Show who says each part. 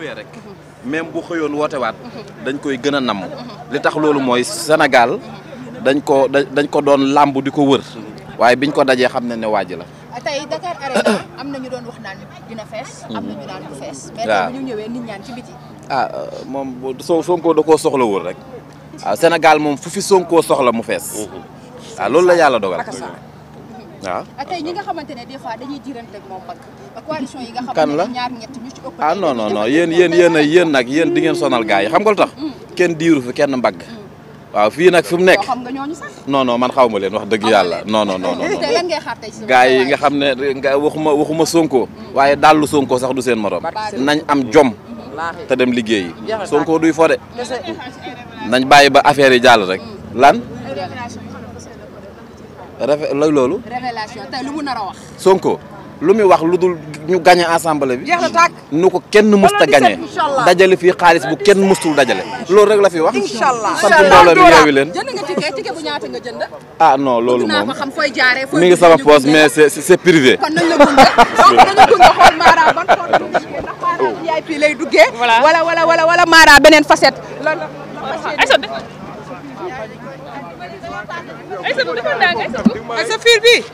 Speaker 1: ñëwee rek même bu xëyoon wootewaat dañ koy gën a namm li tax loolu mooy Sénégal dañ ko dañ ko doon làmb di ko wër waaye biñ ko dajee xam ne ne waaj la tey Dakar ah euh, moom soo sonkoo da koo soxlawul rek waaw ah, Sénégal moom fu fi sonkoo soxla mu fees waaw ah, loolu la yàlla dogal waaw ah. tey ñi nga xamante ne des fois dañuy jiiranteeg moom mag coalition yi nga xam ne ñaar ñett ah non non non yéen yéen yéen a yéen nag di ngeen sonal gars yi xam nga lu tax kenn diiru fi kenn mbag waaw fii nag fi mu nekk non non man xaw ma leen wax dëgg yàlla non non non gars yi nga xam ne nga waxuma waxuma Sonko waaye dallu Sonko sax du seen morom nañ am jom te dem liggéey Sonko duy fode nañ bàyyi ba affaire yi jàll rek lan révélation lay loolu Sonko lu muy wax lu dul ñu gagné assemblée bi nu ko kenn musta gagné dajale fii xaalis bu kenn mustul dajale loolu rek la fi wax sant mbooloo ah non loolu moom mi ngi sama poos mais c'est c'est privé beneen facette